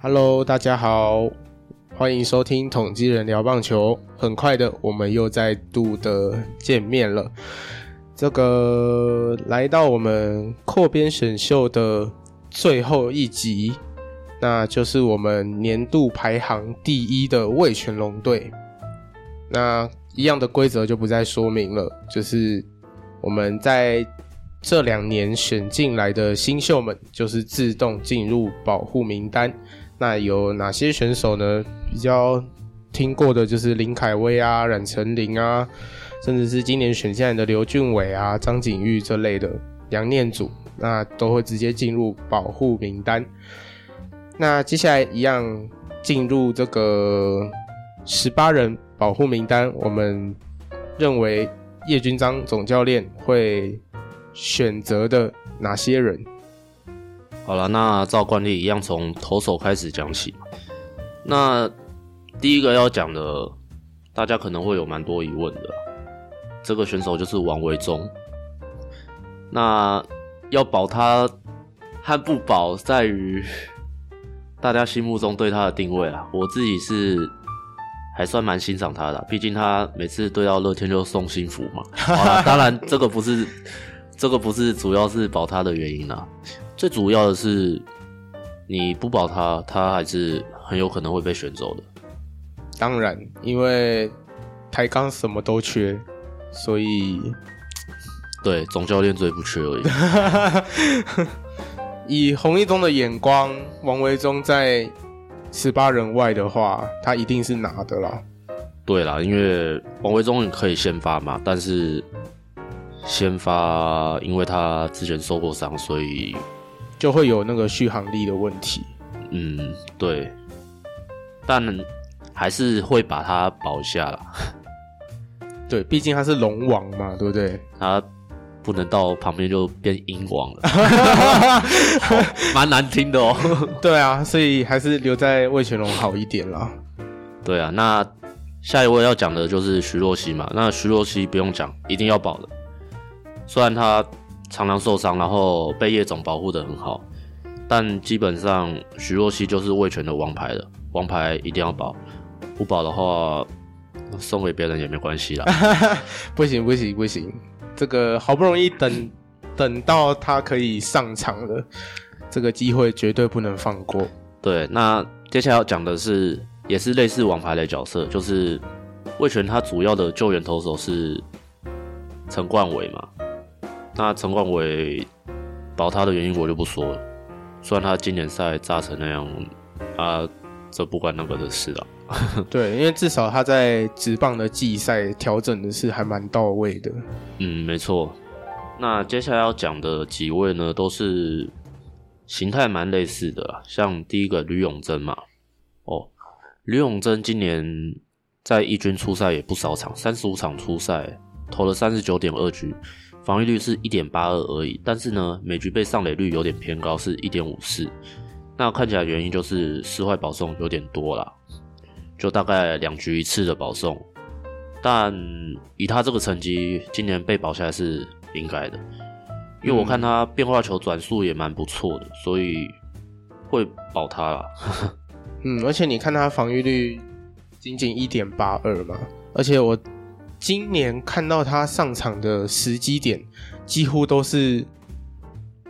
Hello，大家好，歡迎收聽統計人聊棒球。很快的，我們又再度的見面了。這個來到我們擴編選秀的最後一集，那就是我們年度排行第一的味全龍隊。那一樣的規則就不再說明了，就是我們在這兩年選進來的新秀們，就是自動進入保護名單。那有哪些選手呢？比較聽過的就是林愷威啊、冉成林啊，甚至是今年選下來的劉俊偉啊、張景玉這類的念組、楊念祖，那都會直接進入保護名單。那接下來一樣進入這個十八人保護名單，我們認為葉君璋總教練會選擇的哪些人？好了，那照慣例一樣從投手開始講起。那第一個要講的，大家可能會有蠻多疑問的，這個選手就是王維中。那要保他，和不保，在於大家心目中對他的定位啊。我自己是還算蠻欣賞他的啊，畢竟他每次對到樂天就送幸福嘛。好啦 當然，這個不是。這個不是主要是保他的原因啦、啊，最主要的是你不保他，他還是很有可能會被選走的。當然，因為台鋼什麼都缺，所以對總教練最不缺而已。 以洪一中的眼光，王維中在十八人外的話，他一定是拿的啦。對啦，因為王維中你可以先發嘛，但是。先發，因為他之前受過傷，所以就會有那個續航力的問題。嗯，對，但還是會把他保下啦。對，畢竟他是龍王嘛，對不對？他不能到旁邊就變鷹王了，蠻 難聽的哦、喔。 對啊，所以還是留在味全龍好一點啦。 對啊，那下一位要講的就是徐若曦嘛。那徐若曦不用講，一定要保的。雖然他常常受傷，然後被葉總保護的很好，但基本上徐若熙就是味全的王牌了。王牌一定要保，不保的話送給別人也沒關係啦 不。不行不行不行，這個好不容易等等到他可以上場了，這個機會絕對不能放過。對，那接下來要講的是，也是類似王牌的角色，就是味全他主要的救援投手是陳冠偉嘛。那陳冠偉保他的原因我就不說了，雖然他今年賽炸成那樣，啊，這不關那個的事了，啊。 對，因為至少他在職棒的季賽調整的是還蠻到位的。嗯，沒錯。那接下來要講的幾位呢，都是形態蠻類似的啦，像第一個呂永貞嘛。哦，呂永貞今年在一軍出賽也不少場，三十五場出賽投了三十九點二局。防禦率是一點八二而已，但是呢，每局被上壘率有點偏高，是一點五四。那看起來原因就是四壞保送有點多啦，就大概兩局一次的保送。但以他這個成績，今年被保下來是應該的，因為我看他變化球轉速也蠻不錯的，所以會保他啦。 嗯，而且你看他防禦率僅僅一點八二嘛，而且我。今年看到他上場的時機點，幾乎都是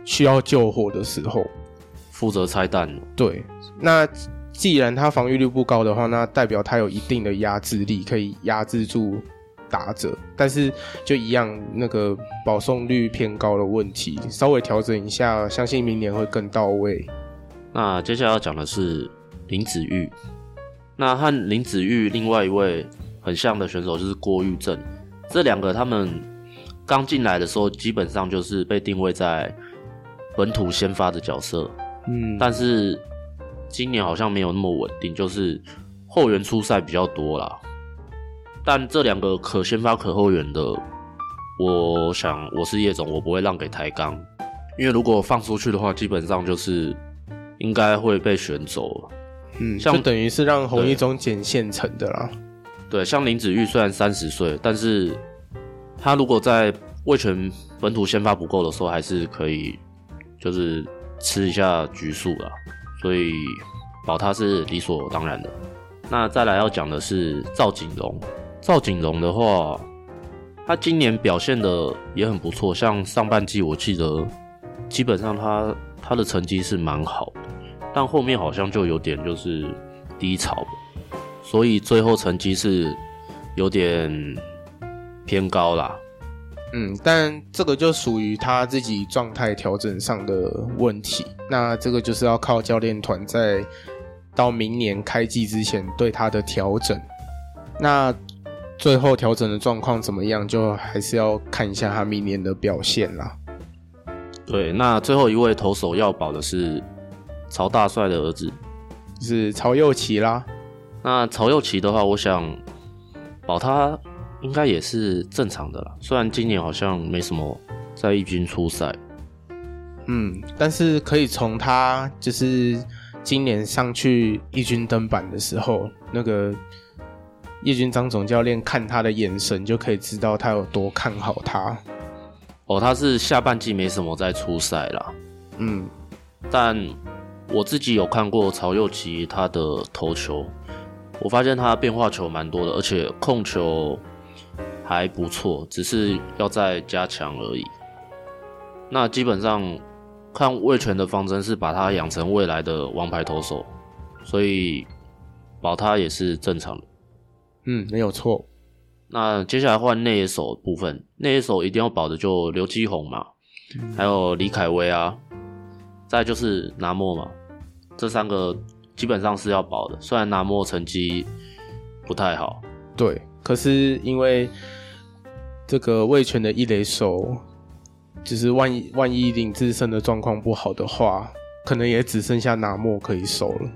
需要救火的時候，負責拆彈。對，那既然他防禦率不高的話，那代表他有一定的壓制力，可以壓制住打者，但是就一樣那個保送率偏高的問題，稍微調整一下，相信明年會更到位。那接下來要講的是林子玉，那和林子玉另外一位，很像的選手就是郭玉正，這兩個他們剛進來的時候基本上就是被定位在本土先發的角色，嗯，但是今年好像沒有那麼穩定，就是後援出賽比較多啦。但這兩個可先發可後援的，我想我是葉總，我不會讓給台鋼，因為如果放出去的話，基本上就是應該會被選走，嗯，像等於是讓洪一中撿現成的啦。對，像林子玉雖然三十歲，但是他如果在味全本土先發不夠的時候，還是可以就是吃一下局數啦。所以保他是理所當然的。那再來要講的是趙景榮，趙景榮的話，他今年表現的也很不錯，像上半季我記得基本上他他的成績是蠻好的，但後面好像就有點就是低潮。所以最後成績是有點偏高啦。嗯，但這個就屬於他自己狀態調整上的問題。那這個就是要靠教練團在到明年開季之前對他的調整。那最後調整的狀況怎麼樣，就還是要看一下他明年的表現啦。對，那最後一位投手要保的是曹大帥的兒子，就是曹祐齊啦。那曹佑奇的話，我想保他應該也是正常的啦。雖然今年好像沒什麼在一軍出賽，嗯，但是可以從他就是今年上去一軍登板的時候，那個一軍張總教練看他的眼神，就可以知道他有多看好他。哦，他是下半季沒什麼在出賽啦。嗯，但我自己有看過曹佑奇他的投球。我發現他變化球蠻多的，而且控球還不錯，只是要再加強而已。那基本上看味全的方針是把他養成未來的王牌投手，所以保他也是正常的。嗯，沒有錯。那接下來換內野手部分，內野手一定要保的就劉基鴻嘛，還有李凱威啊，再就是拿莫嘛，這三個。基本上是要保的，雖然拿莫成績不太好，對，可是因為這個味全的一壘手，就是萬一萬一林志勝的狀況不好的話，可能也只剩下拿莫可以守了。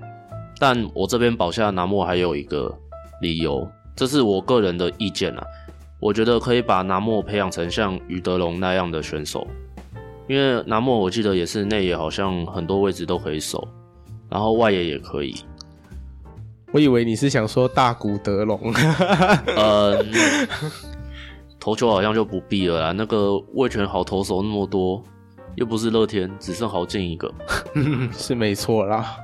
但我這邊保下拿莫還有一個理由，這是我個人的意見啊，我覺得可以把拿莫培養成像余德龍那樣的選手，因為拿莫我記得也是內野，好像很多位置都可以守。然後外野也可以。我以為你是想說大古德龍。 嗯，投球好像就不必了啦。那個味全好投手那麼多，又不是樂天，只剩豪進一個， 是沒錯啦。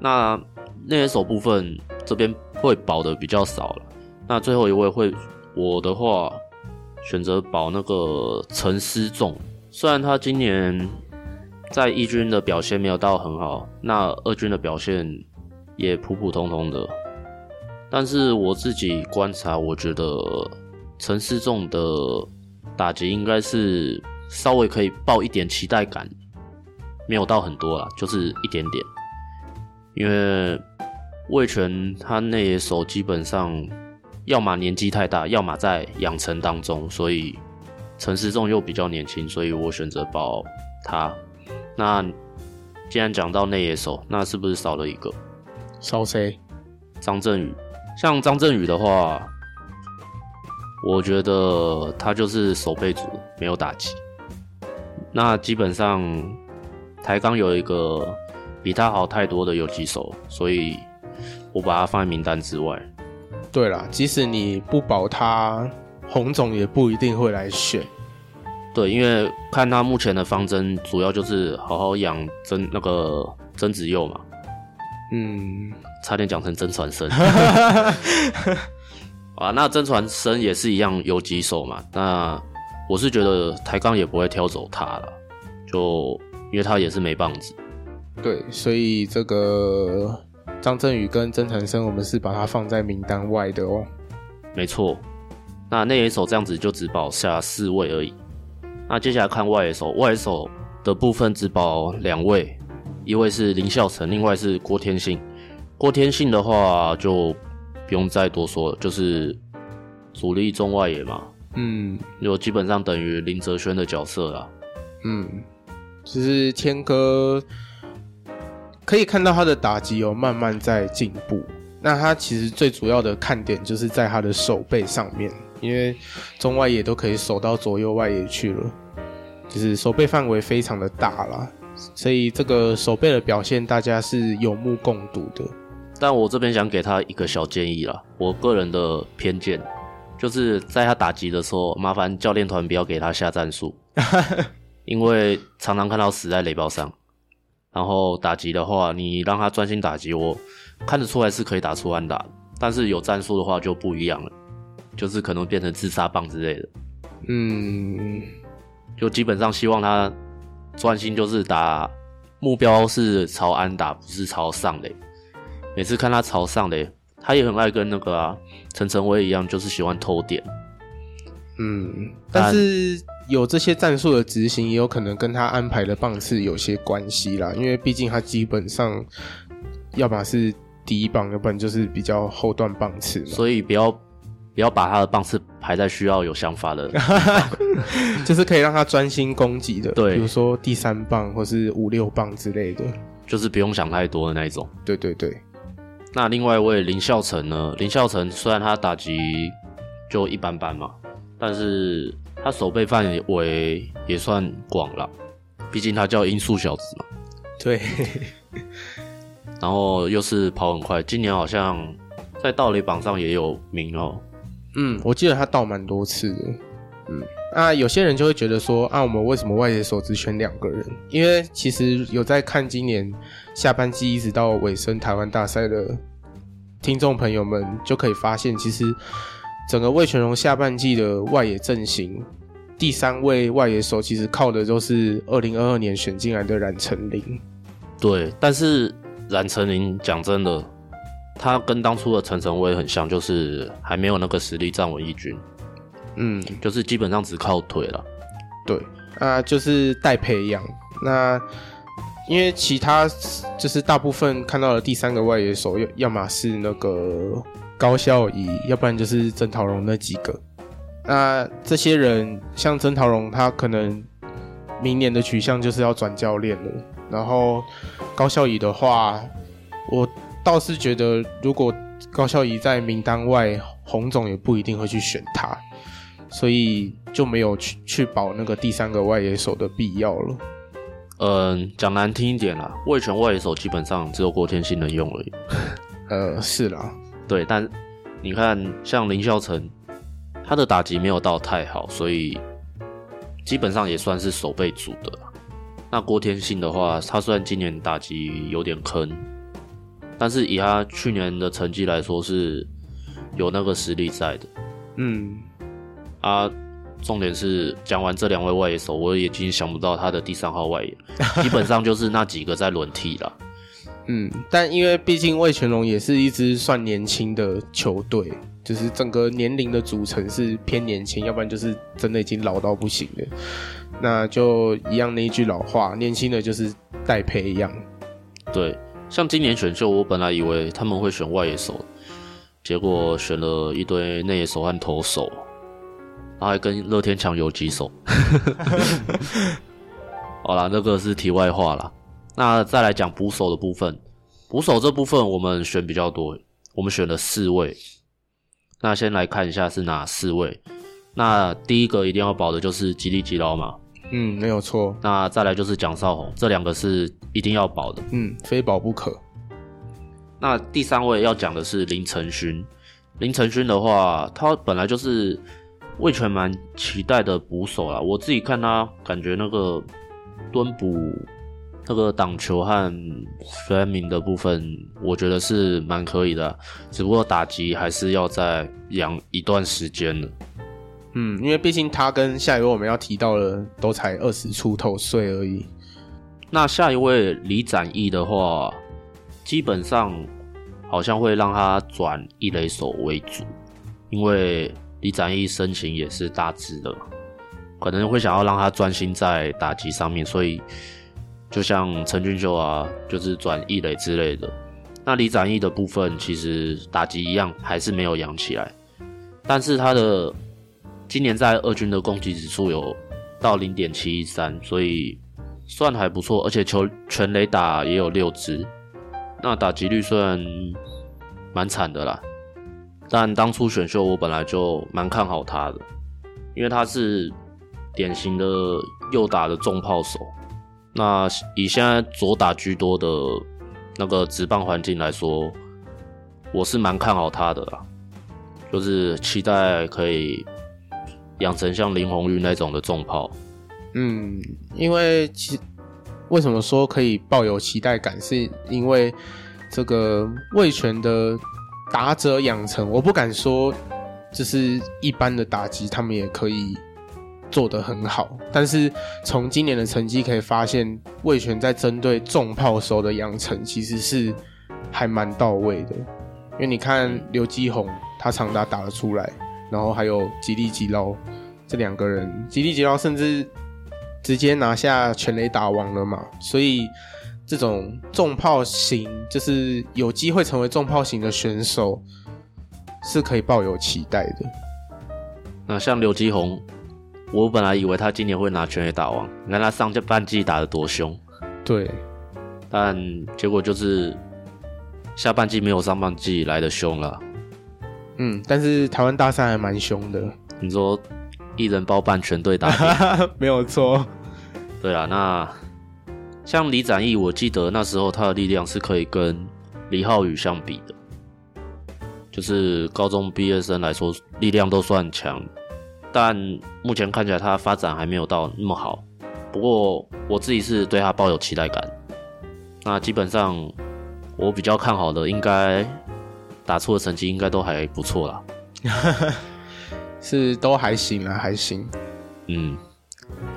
那那些手部分，這邊會保得比較少了。那最後一位會，我的話選擇保那個陳思重，雖然他今年。在一軍的表現沒有到很好，那二軍的表現也普普通通的。但是我自己觀察，我覺得陳思仲的打擊應該是稍微可以抱一點期待感，沒有到很多啦，就是一點點。因為味全他那手基本上要麼年紀太大，要麼在養成當中，所以陳思仲又比較年輕，所以我選擇保他。那既然講到內野手，那是不是少了一個？少誰黑？張振宇。像張振宇的話，我覺得他就是守備組，沒有打擊。那基本上台鋼有一個比他好太多的游擊手，所以我把他放在名單之外。對啦，即使你不保他，洪總也不一定會來選。對，因為看他目前的方針，主要就是好好養曾那個曾子佑嘛，嗯，差點講成曾傳生，哈哈哈。啊，那曾傳生也是一樣有幾手嘛，那我是覺得台鋼也不會挑走他了，就因為他也是沒棒子，對，所以這個張振宇跟曾傳生，我們是把他放在名單外的哦，沒錯，那那一手這樣子就只保下四位而已。那接下來看外野手，外野手的部分只保兩位，一位是林孝成，另外是郭天信。郭天信的話就不用再多說了，就是主力中外野嘛。嗯，就基本上等於林哲瑄的角色啦。嗯，其實天哥可以看到他的打擊有慢慢在進步。那他其實最主要的看點就是在他的守備上面。因為中外野都可以守到左右外野去了，就是守備範圍非常的大啦，所以這個守備的表現大家是有目共睹的。但我這邊想給他一個小建議啦，我個人的偏見，就是在他打擊的時候，麻煩教練團不要給他下戰術， 因為常常看到死在壘包上。然後打擊的話，你讓他專心打擊，我看得出來是可以打出安打，但是有戰術的話就不一樣了。就是可能變成自殺棒之類的，嗯，就基本上希望他專心，就是打目標是朝安打，不是朝上嘞。每次看他朝上嘞，他也很愛跟那個啊陳晨威一樣，就是喜歡偷點。嗯，但是有這些戰術的執行，也有可能跟他安排的棒次有些關係啦。因為畢竟他基本上，要麼是第一棒，要不然就是比較後段棒次，所以比較。不要把他的棒次排在需要有想法的， 就是可以讓他專心攻擊的。對，比如說第三棒或是五六棒之類的，就是不用想太多的那一種。對對對。那另外一位林孝成呢？林孝成雖然他打擊就一般般嘛，但是他守備範圍也算廣了，畢竟他叫音速小子嘛。對。 然後又是跑很快，今年好像在盜壘榜上也有名哦、喔。嗯，我記得他倒蠻多次的。嗯，那、啊、有些人就會覺得說，啊，我們為什麼外野手只選兩個人？因為其實有在看今年下半季一直到尾聲台灣大賽的聽眾朋友們，就可以發現，其實整個味全龍下半季的外野陣型，第三位外野手其實靠的就是二零二二年選進來的冉成林。對，但是冉成林講真的。他跟當初的陳晨威很像，就是還沒有那個實力站穩一軍，嗯，就是基本上只靠腿了。對，啊、呃，就是待培養。那因為其他就是大部分看到的第三個外野手要，要要麼是那個高孝儀，要不然就是曾陶鎔那幾個。那這些人像曾陶鎔，他可能明年的取向就是要轉教練了。然後高孝儀的話，我。倒是覺得，如果高孝儀在名單外，洪總也不一定會去選他，所以就沒有去去保那個第三個外野手的必要了。嗯、呃，講難聽一點啦，味全外野手基本上只有郭天信能用而已。呃，是啦，對，但你看，像林孝成，他的打擊沒有到太好，所以基本上也算是守備組的。那郭天信的話，他雖然今年打擊有點坑。但是以他去年的成績來說，是有那個實力在的。嗯，啊，重點是講完這兩位外野手，我也已經想不到他的第三號外野， 基本上就是那幾個在輪替了。嗯，但因為畢竟味全龍也是一支算年輕的球隊，就是整個年齡的組成是偏年輕，要不然就是真的已經老到不行了。那就一樣那一句老話，年輕的就是待培一樣，對。像今年選秀，我本來以為他們會選外野手，結果選了一堆內野手和投手，然後還跟樂天搶游擊手。 好啦，這、那個是題外話啦。那再來講捕手的部分，捕手這部分我們選比較多，我們選了四位。那先來看一下是哪四位。那第一個一定要保的就是吉力吉撈嘛。嗯，沒有錯。那再來就是蔣少宏，這兩個是一定要保的，嗯，非保不可。那第三位要講的是林成勳，林成勳的話，他本來就是味全蠻期待的捕手啦。我自己看他，感覺那個蹲捕、那個擋球和 framing 的部分，我覺得是蠻可以的。只不過打擊還是要再養一段時間的。嗯，因為畢竟他跟下一位我們要提到的都才二十出頭歲而已。那下一位李展義的話，基本上好像會讓他轉一壘手為主，因為李展義身形也是大隻的，可能會想要讓他專心在打擊上面。所以就像陳俊秀啊，就是轉一壘之類的。那李展義的部分其實打擊一樣還是沒有養起來，但是他的。今年在二軍的攻擊指數有到零點七一三，所以算還不錯。而且球全壘打也有六支，那打擊率雖然蠻慘的啦，但當初選秀我本來就蠻看好他的，因為他是典型的右打的重炮手。那以現在左打居多的那個職棒環境來說，我是蠻看好他的啦，就是期待可以。養成像林泓育那種的重炮，嗯，因為其為什麼說可以抱有期待感，是因為這個味全的打者養成，我不敢說，就是一般的打擊，他們也可以做得很好。但是從今年的成績可以發現，味全在針對重炮時候的養成，其實是還蠻到位的。因為你看劉基鴻，他長打打了出來。然後還有吉力吉撈這兩個人，吉力吉撈甚至直接拿下全壘打王了嘛，所以這種重炮型就是有機會成為重炮型的選手是可以抱有期待的。那像劉基鴻，我本來以為他今年會拿全壘打王，你看他上半季打得多兇，對，但結果就是下半季沒有上半季來得兇了。嗯，但是台灣大賽還蠻凶的。你說，一人包辦全隊打 沒有錯錯。對啊，那像李展義我記得那時候他的力量是可以跟李浩宇相比的，就是高中畢業生來說，力量都算強。但目前看起來他發展還沒有到那麼好。不過我自己是對他抱有期待感。那基本上我比較看好的應該。打出的成績應該都還不錯啦， 是都還行啊，還行。嗯，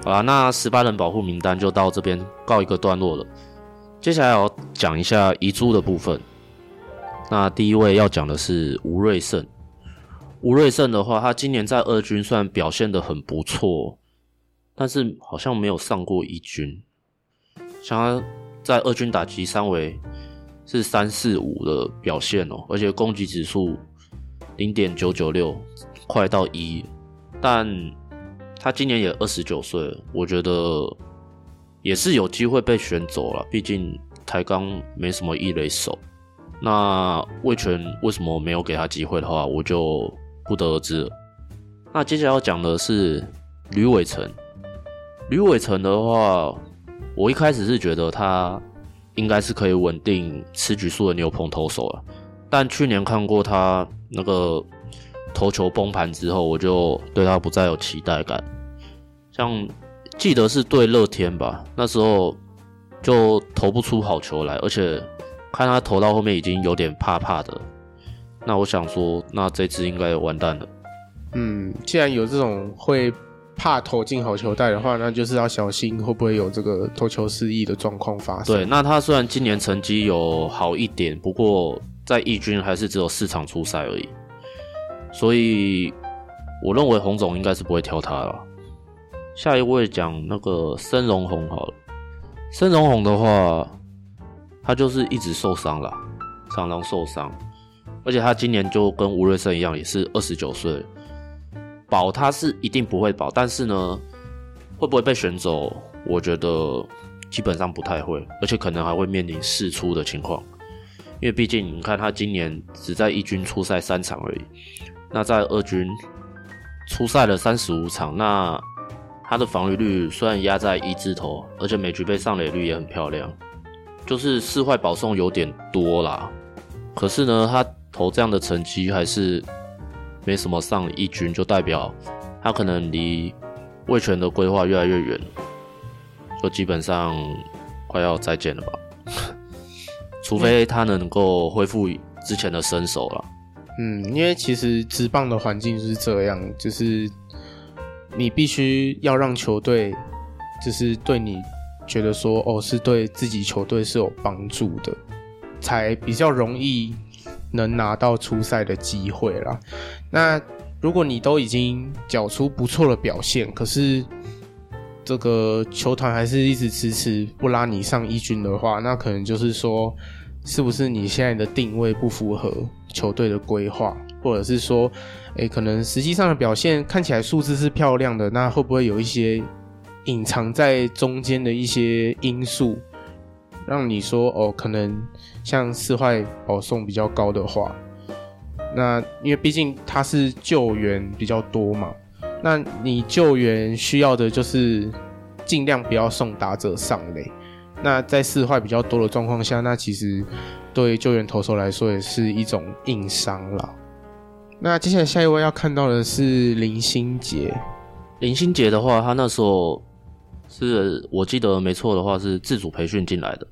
好啦，那十八人保護名單就到這邊告一個段落了。接下來我要講一下遺珠的部分。那第一位要講的是吳瑞勝。吳瑞勝的話，他今年在二軍算表現得很不錯，但是好像沒有上過一軍。像他在二軍打擊三圍。是三四五的表現哦，而且攻擊指數零點九九六，快到一，但他今年也二十九歲，我覺得也是有機會被選走了。畢竟台鋼沒什麼一壘手，那味全為什麼沒有給他機會的話，我就不得而知了。那接下來要講的是呂偉成，呂偉成的話，我一開始是覺得他。應該是可以穩定吃局數的牛棚投手了，但去年看過他那個投球崩盤之後，我就對他不再有期待感。像記得是對樂天吧，那時候就投不出好球來，而且看他投到後面已經有點怕怕的。那我想說，那這次應該也完蛋了。嗯，既然有這種會。怕投進好球帶的話，那就是要小心會不會有這個投球失憶的狀況發生。對，那他雖然今年成績有好一點，不過在一軍還是只有四場出賽而已，所以我認為洪總應該是不會挑他了。下一位講那個森榮紅好了，森榮紅的話，他就是一直受傷了，常常受傷，而且他今年就跟吳瑞森一樣，也是二十九歲。保他是一定不會保，但是呢，會不會被選走？我覺得基本上不太會，而且可能還會面臨釋出的情況，因為畢竟你看他今年只在一軍出賽三場而已，那在二軍出賽了三十五場，那他的防禦率雖然壓在一字頭，而且每局被上壘率也很漂亮，就是四壞保送有點多啦，可是呢，他投這樣的成績還是。沒什麼上一軍，就代表他可能離味全的規劃越來越遠，就基本上快要再見了吧。除非他能夠恢復之前的身手了。嗯，因為其實職棒的環境是這樣，就是你必須要讓球隊，就是對你覺得說，哦，是對自己球隊是有幫助的，才比較容易。能拿到出賽的機會啦。那如果你都已經繳出不錯的表現，可是這個球團還是一直遲遲不拉你上一軍的話，那可能就是說，是不是你現在的定位不符合球隊的規劃，或者是說，誒、欸，可能實際上的表現看起來數字是漂亮的，那會不會有一些隱藏在中間的一些因素，讓你說哦，可能？像四壞保送比較高的話，那因為畢竟他是救援比較多嘛，那你救援需要的就是盡量不要送打者上壘。那在四壞比較多的狀況下，那其實對救援投手來說也是一種硬傷啦。那接下來下一位要看到的是林心杰，林心杰的話，他那時候是我記得沒錯的話，是自主培訓進來的。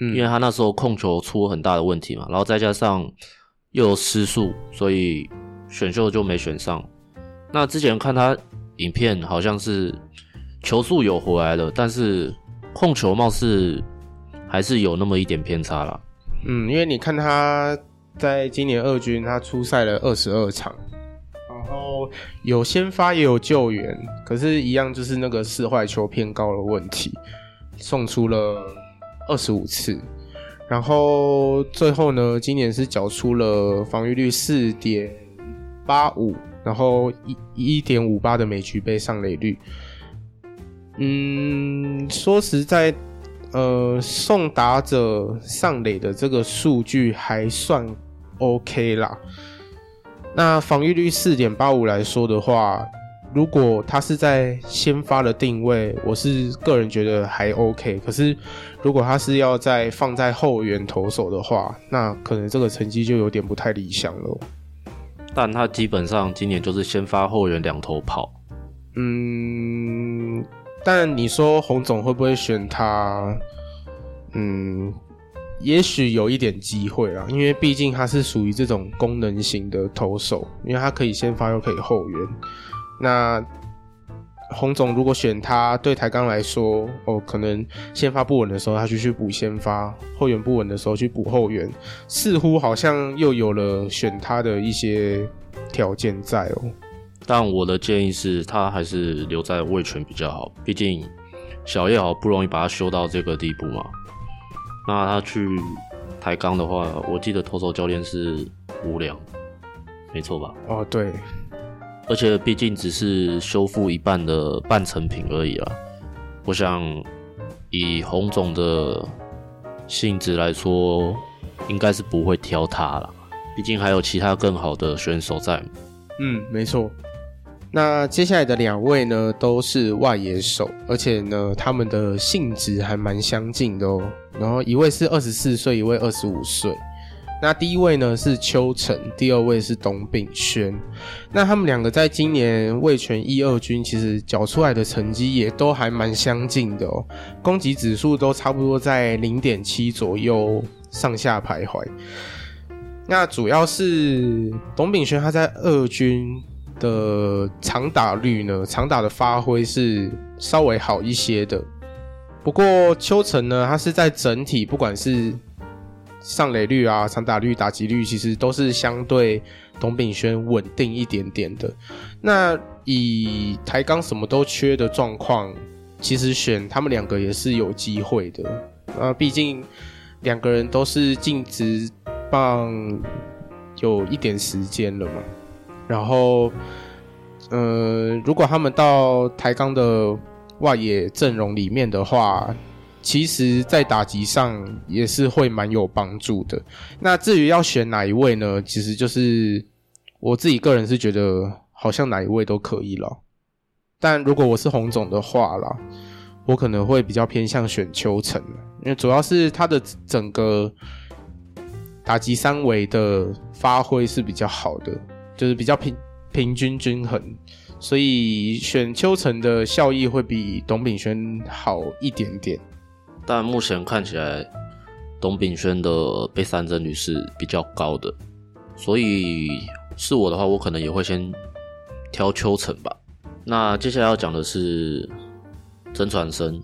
因為他那時候控球出了很大的問題嘛，然後再加上又有失速，所以選秀就沒選上。那之前看他影片，好像是球速有回來了，但是控球貌似還是有那麼一點偏差啦。嗯，因為你看他在今年二軍，他出賽了二十二場，然後有先發也有救援，可是，一樣就是那個四壞球偏高的問題，送出了。二十五次，然後最後呢，今年是繳出了防御率四點八五，然後一一點五八的每局被上壘率。嗯，說實在，呃，送打者上壘的這個數據還算 OK 啦。那防御率四點八五來說的話。如果他是在先發的定位，我是個人覺得還 OK。可是，如果他是要再放在後援投手的話，那可能這個成績就有點不太理想了。但他基本上今年就是先發後援兩頭跑。嗯，但你說洪總會不會選他？嗯，也許有一點機會啦，因為畢竟他是屬於這種功能型的投手，因為他可以先發又可以後援。那洪總如果選他，對台鋼來說，哦，可能先發不穩的時候，他就去補先發；後援不穩的時候，去補後援，似乎好像又有了選他的一些條件在哦。但我的建議是他還是留在味全比較好，畢竟小葉好不容易把他修到這個地步嘛。那他去台鋼的話，我記得投手教練是吳良，沒錯吧？哦，對。而且畢竟只是修復一半的半成品而已啦，我想以洪總的性質來說，應該是不會挑他啦，畢竟還有其他更好的選手在。嗯，沒錯。那接下來的兩位呢，都是外野手，而且呢，他們的性質還蠻相近的哦。然後一位是二十四歲，一位二十五歲。那第一位呢是邱晨，第二位是董秉軒。那他們兩個在今年味全一、二軍其實繳出來的成績也都還蠻相近的哦、喔，攻擊指數都差不多在零點七左右上下徘徊。那主要是董秉軒他在二軍的長打率呢，長打的發揮是稍微好一些的。不過邱晨呢，他是在整體不管是。上壘率啊，長打率、打擊率，其實都是相對董秉軒穩定一點點的。那以台鋼什麼都缺的狀況，其實選他們兩個也是有機會的。呃，畢竟兩個人都是進職棒有一點時間了嘛。然後，呃，如果他們到台鋼的外野陣容裡面的話，其實，在打擊上也是會蠻有幫助的。那至於要選哪一位呢？其實就是我自己個人是覺得，好像哪一位都可以了。但如果我是紅總的話啦，我可能會比較偏向選秋成，因為主要是他的整個打擊三維的發揮是比較好的，就是比較平平均均衡，所以選秋成的效益會比董秉軒好一點點。但目前看起來，董秉軒的被三振率是比較高的，所以是我的話，我可能也會先挑邱晨吧。那接下來要講的是曾傳生。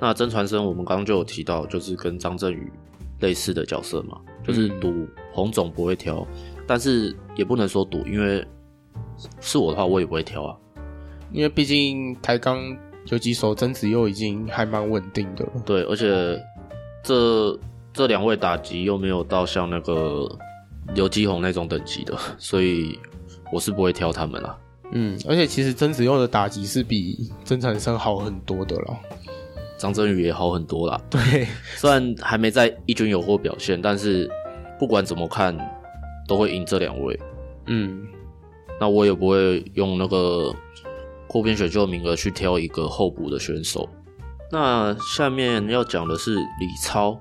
那曾傳生我們剛剛就有提到，就是跟張振宇類似的角色嘛，就是賭洪總不會挑，但是也不能說賭，因為是我的話我也不會挑啊，因為畢竟台鋼。就游擊手曾子佑已經還蠻穩定的了，對，而且這這兩位打擊又沒有到像那個劉基鴻那種等級的，所以我是不會挑他們啦。嗯，而且其實曾子佑的打擊是比曾產生好很多的啦，張振宇也好很多啦。對，雖然還沒在一軍有過表現，但是不管怎麼看都會贏這兩位。嗯，那我也不會用那個。後邊選秀名額去挑一個候補的選手。那下面要講的是李超。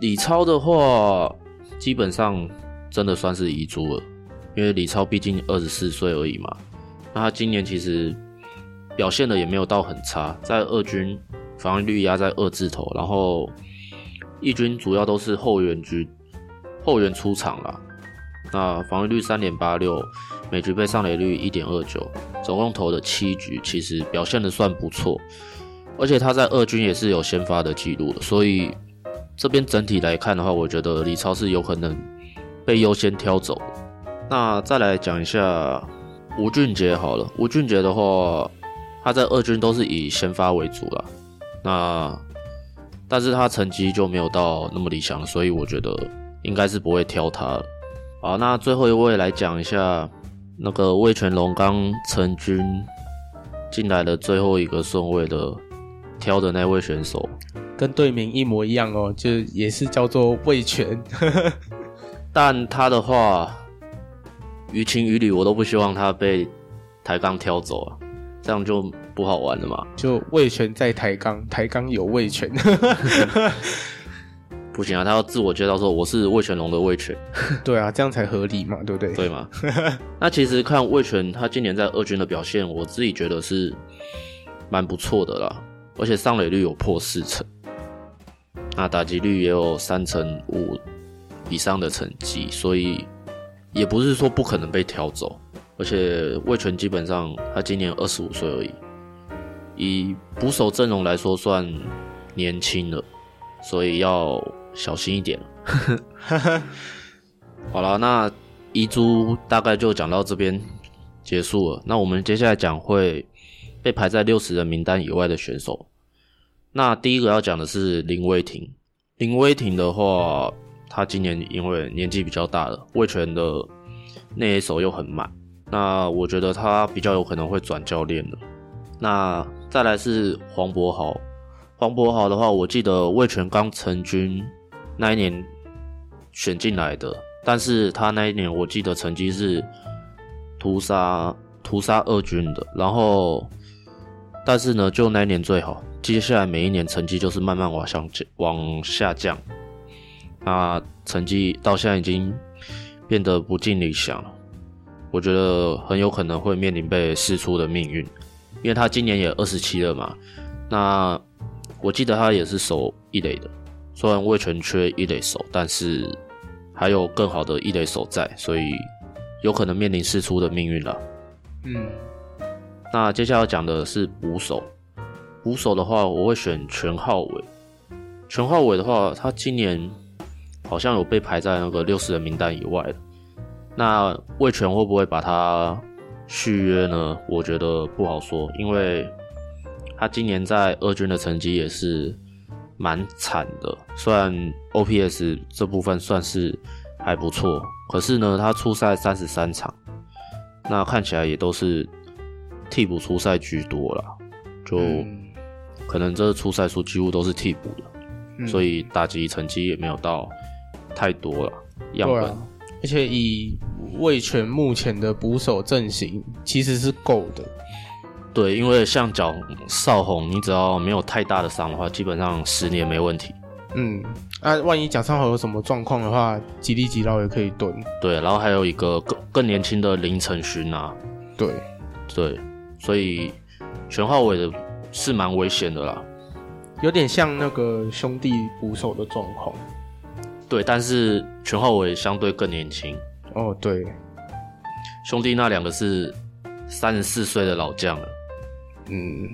李超的話，基本上真的算是遺珠了，因為李超畢竟二十四歲而已嘛。那他今年其實表現的也沒有到很差，在二軍防禦率壓在二字頭，然後一軍主要都是後援軍，後援出場啦。那防禦率三點八六，每局被上壘率一點二九。總共投了七局，其實表現得算不錯，而且他在二軍也是有先發的記錄的，所以這邊整體來看的話，我覺得李超是有可能被優先挑走。那再來講一下吳俊傑好了，吳俊傑的話，他在二軍都是以先發為主啦，那但是他成績就沒有到那麼理想，所以我覺得應該是不會挑他了。好，那最後一位來講一下。那個味全龍剛成軍進來的最後一個順位的挑的那位選手，跟隊名一模一樣哦，就也是叫做味全， 但他的話於情於理我都不希望他被台鋼挑走啊，這樣就不好玩了嘛。就味全在台鋼，台鋼有味全。 不行啊，他要自我介紹說我是味全龍的味全。對啊，這樣才合理嘛，對不對？對嘛？ 那其實看味全他今年在二軍的表現，我自己覺得是蠻不錯的啦，而且上壘率有破四成，那、啊、打擊率也有三成五以上的成績，所以也不是說不可能被挑走。而且味全基本上他今年二十五歲而已，以捕手陣容來說算年輕了，所以要。小心一點。 好了，那一株大概就講到這邊結束了。那我們接下來講會被排在六十人名單以外的選手。那第一個要講的是林威廷。林威廷的話，他今年因為年紀比較大了，味全的那一手又很滿，那我覺得他比較有可能會轉教練了。那再來是黃柏豪。黃柏豪的話，我記得味全剛成軍。那一年選進來的，但是他那一年我記得成績是屠殺屠殺二軍的，然後，但是呢，就那一年最好，接下來每一年成績就是慢慢往下降，往下降。那成績到現在已經變得不盡理想了，我覺得很有可能會面臨被釋出的命運，因為他今年也二十七了嘛。那我記得他也是守一壘的。雖然味全缺一壘手，但是還有更好的一壘手在，所以有可能面臨釋出的命運了。嗯，那接下來要講的是捕手，捕手的話我會選全浩偉，全浩偉的話他今年好像有被排在那個六十人名單以外了。那味全會不會把他續約呢？我覺得不好說，因為他今年在二軍的成績也是。蠻慘的，雖然 O P S 這部分算是還不錯，可是呢，他出賽三十三場，那看起來也都是替補出賽居多啦，就可能這個出賽數幾乎都是替補的，嗯、所以打擊成績也沒有到太多了樣本，對啊、而且以味全目前的捕手陣型，其實是夠的。對，因為像蔣少宏，你只要沒有太大的傷的話，基本上十年沒問題。嗯，那、啊、萬一蔣少宏有什麼狀況的話，吉力吉撈也可以蹲。對，然後還有一個更更年輕的林承勳啊。對對，所以全浩瑋的是蠻危險的啦，有點像那個兄弟捕手的狀況。對，但是全浩瑋相對更年輕。哦，對，兄弟那兩個是三十四歲的老將了。嗯，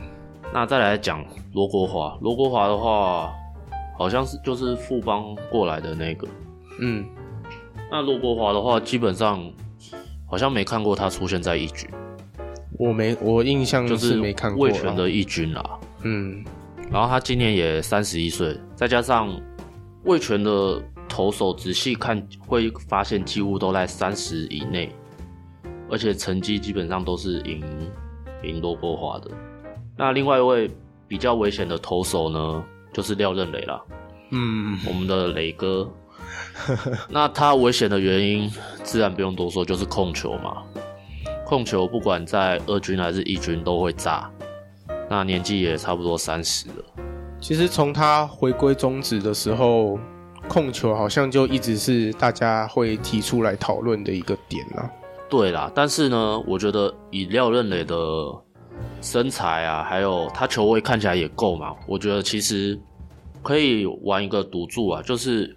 那再來講羅國華，羅國華的話，好像是就是富邦過來的那個。嗯，那羅國華的話，基本上好像沒看過他出現在一軍。我沒，我印象就是沒看過。是味全的一軍啦。嗯，然後他今年也三十一歲，再加上味全的投手，仔細看會發現幾乎都在三十以內，而且成績基本上都是贏銀多波華的，那另外一位比較危險的投手呢，就是廖任磊啦，嗯，我們的磊哥， 那他危險的原因自然不用多說，就是控球嘛。控球不管在二軍還是一軍都會炸，那年紀也差不多三十了。其實從他回歸中職的時候，控球好像就一直是大家會提出來討論的一個點啦對啦，但是呢，我覺得以廖任磊的身材啊，還有他球位看起來也夠嘛，我覺得其實可以玩一個賭注啊，就是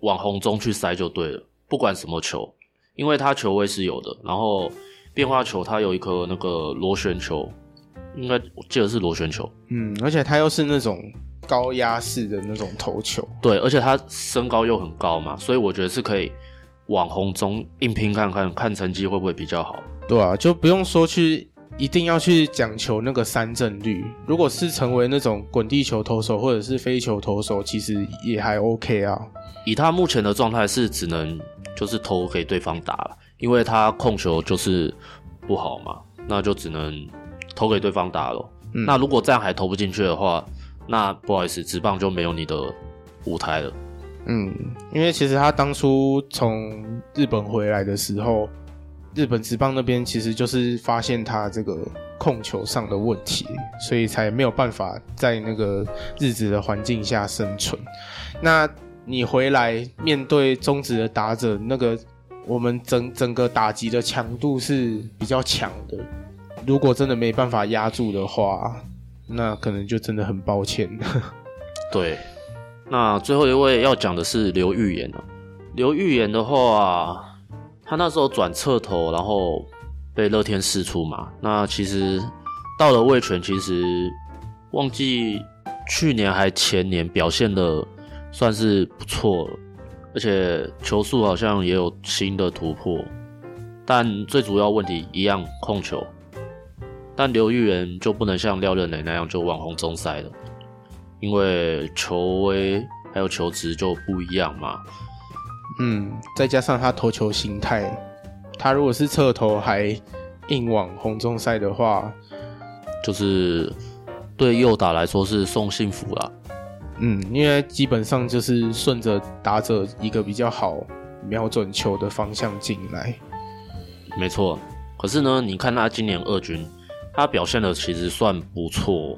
往紅中去塞就對了，不管什麼球，因為他球位是有的，然後變化球他有一顆那個螺旋球，應該我記得是螺旋球，嗯，而且他又是那種高壓式的那種投球，對，而且他身高又很高嘛，所以我覺得是可以。網紅中硬拼看看，看成績會不會比較好？對啊，就不用說去一定要去講求那個三振率。如果是成為那種滾地球投手或者是飛球投手，其實也還 OK 啊。以他目前的狀態是只能就是投給對方打了，因為他控球就是不好嘛，那就只能投給對方打了。嗯，那如果這樣還投不進去的話，那不好意思，職棒就沒有你的舞台了。嗯，因為其實他當初從日本回來的時候，日本職棒那邊其實就是發現他這個控球上的問題，所以才沒有辦法在那個日子的環境下生存。那你回來面對中職的打者，那個我們整整個打擊的強度是比較強的。如果真的沒辦法壓住的話，那可能就真的很抱歉。 對。那最後一位要講的是劉玉岩了、啊。劉玉岩的話、啊，他那時候轉側投，然後被樂天釋出嘛。那其實到了味全，其實忘記去年還前年表現得算是不錯了，而且球速好像也有新的突破。但最主要問題一樣控球，但劉玉岩就不能像廖任磊那樣就往紅中塞了。因為球威還有球質就不一樣嘛，嗯，再加上他投球形態，他如果是側投還硬往紅中塞的話，就是對右打來說是送幸福啦。嗯，因為基本上就是順着打着一個比較好瞄準球的方向進來，沒錯。可是呢，你看他今年二軍，他表現得其實算不錯。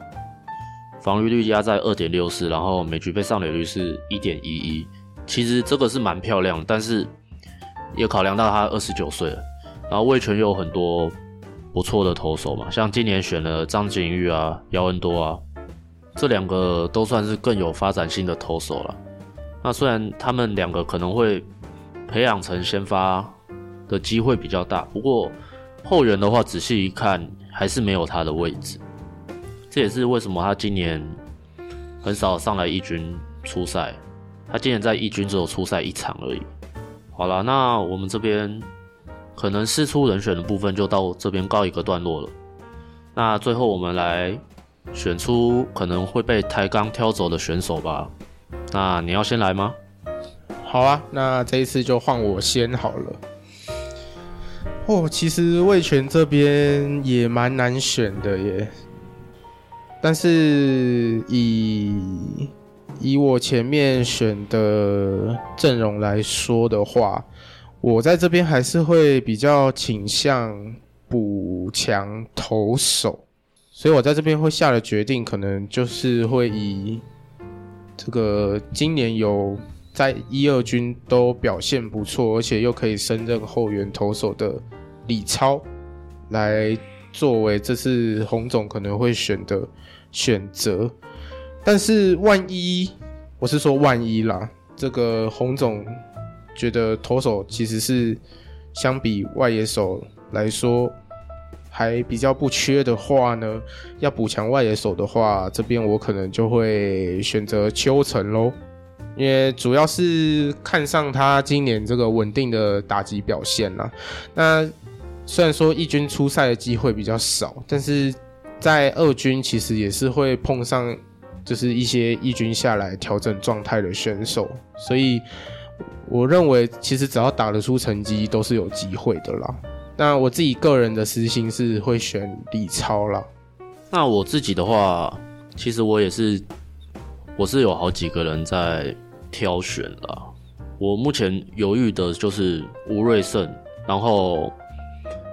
防禦率壓在二點六四，然後每局被上壘率是一點一一，其實這個是蠻漂亮，但是也考量到他二十九歲了。然後味全有很多不錯的投手嘛，像今年選了張景玉啊、姚恩多啊，這兩個都算是更有發展性的投手了。那雖然他們兩個可能會培養成先發的機會比較大，不過後援的話仔細一看還是沒有他的位置。這也是為什麼他今年很少上來一軍出賽，他今年在一軍只有出賽一場而已。好了，那我們這邊可能釋出人選的部分就到這邊告一個段落了。那最後我們來選出可能會被台鋼挑走的選手吧。那你要先來嗎？好啊，那這一次就換我先好了。哦，其實味全這邊也蠻難選的耶。但是以以我前面選的陣容來說的話，我在這邊還是會比較傾向補強投手，所以我在這邊會下的決定，可能就是會以這個今年有在一二軍都表現不錯，而且又可以升任後援投手的李超來作為這次紅總可能會選的。選擇，但是萬一，我是說萬一啦，這個洪總覺得投手其實是相比外野手來說還比較不缺的話呢，要補強外野手的話，這邊我可能就會選擇秋城咯，因為主要是看上他今年這個穩定的打擊表現啦。那雖然說一軍出賽的機會比較少，但是。在二軍其實也是會碰上，就是一些一軍下來調整狀態的選手，所以我認為其實只要打得出成績都是有機會的啦。那我自己個人的私心是會選李超啦。那我自己的話，其實我也是，我是有好幾個人在挑選啦。我目前猶豫的就是吳瑞勝，然後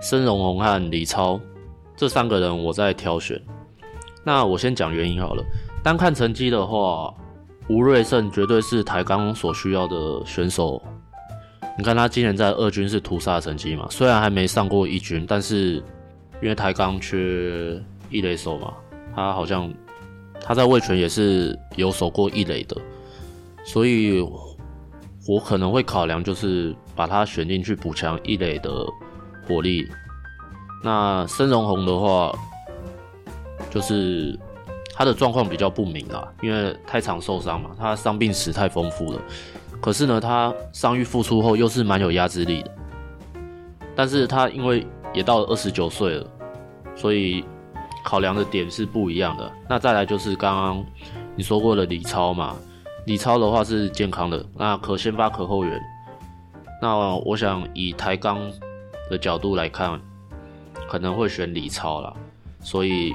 申榮宏和李超。這三個人我在挑選，那我先講原因好了。單看成績的話，吳瑞勝絕對是台鋼所需要的選手。你看他今年在二軍是屠殺的成績嘛，雖然還沒上過一軍，但是因為台鋼缺一壘手嘛，他好像他在味全也是有守過一壘的，所以我可能會考量就是把他選進去補強一壘的火力。那申榮宏的話，就是他的狀況比較不明啊，因為太常受傷嘛，他傷病史太豐富了。可是呢，他傷愈復出後又是蠻有壓制力的。但是他因為也到了二十九歲了，所以考量的點是不一樣的。那再來就是剛剛你說過的李超嘛，李超的話是健康的，那可先發可後援。那我想以台鋼的角度來看。可能會選李超啦，所以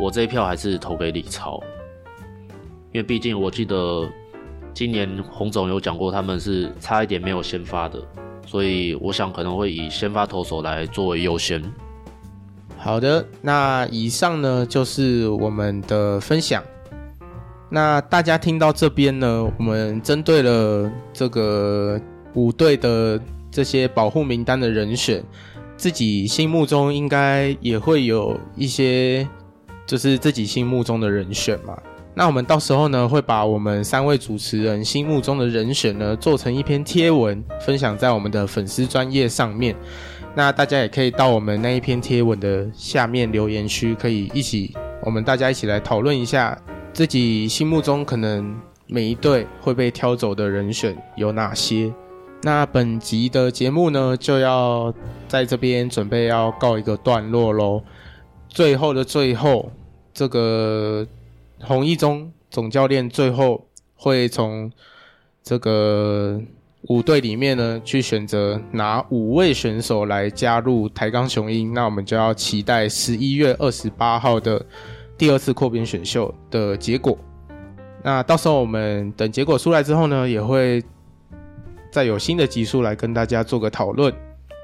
我這一票還是投給李超，因為畢竟我記得今年洪總有講過，他們是差一點沒有先發的，所以我想可能會以先發投手來作為優先。好的，那以上呢，就是我們的分享，那大家聽到這邊呢，我們針對了這個五隊的這些保護名單的人選。自己心目中應該也會有一些，就是自己心目中的人選嘛。那我們到時候呢，會把我們三位主持人心目中的人選呢，做成一篇貼文，分享在我們的粉絲專頁上面。那大家也可以到我們那一篇貼文的下面留言區，可以一起，我們大家一起來討論一下自己心目中可能每一隊會被挑走的人選有哪些。那本集的節目呢，就要在這邊準備要告一個段落嘍。最後的最後，這個洪一中總教練最後會從這個五隊裡面呢，去選擇拿五位選手來加入台鋼雄鷹。那我們就要期待十一月二十八號的第二次擴編選秀的結果。那到時候我們等結果出來之後呢，也會。再有新的集數來跟大家做個討論，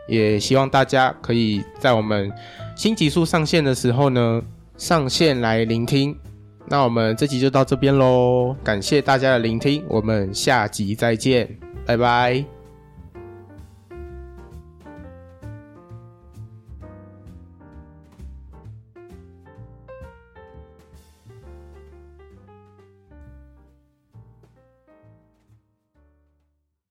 也希望大家可以在我們新集數上線的時候呢，上線來聆聽。那我們這集就到這邊嘍，感謝大家的聆聽，我們下集再見，拜拜。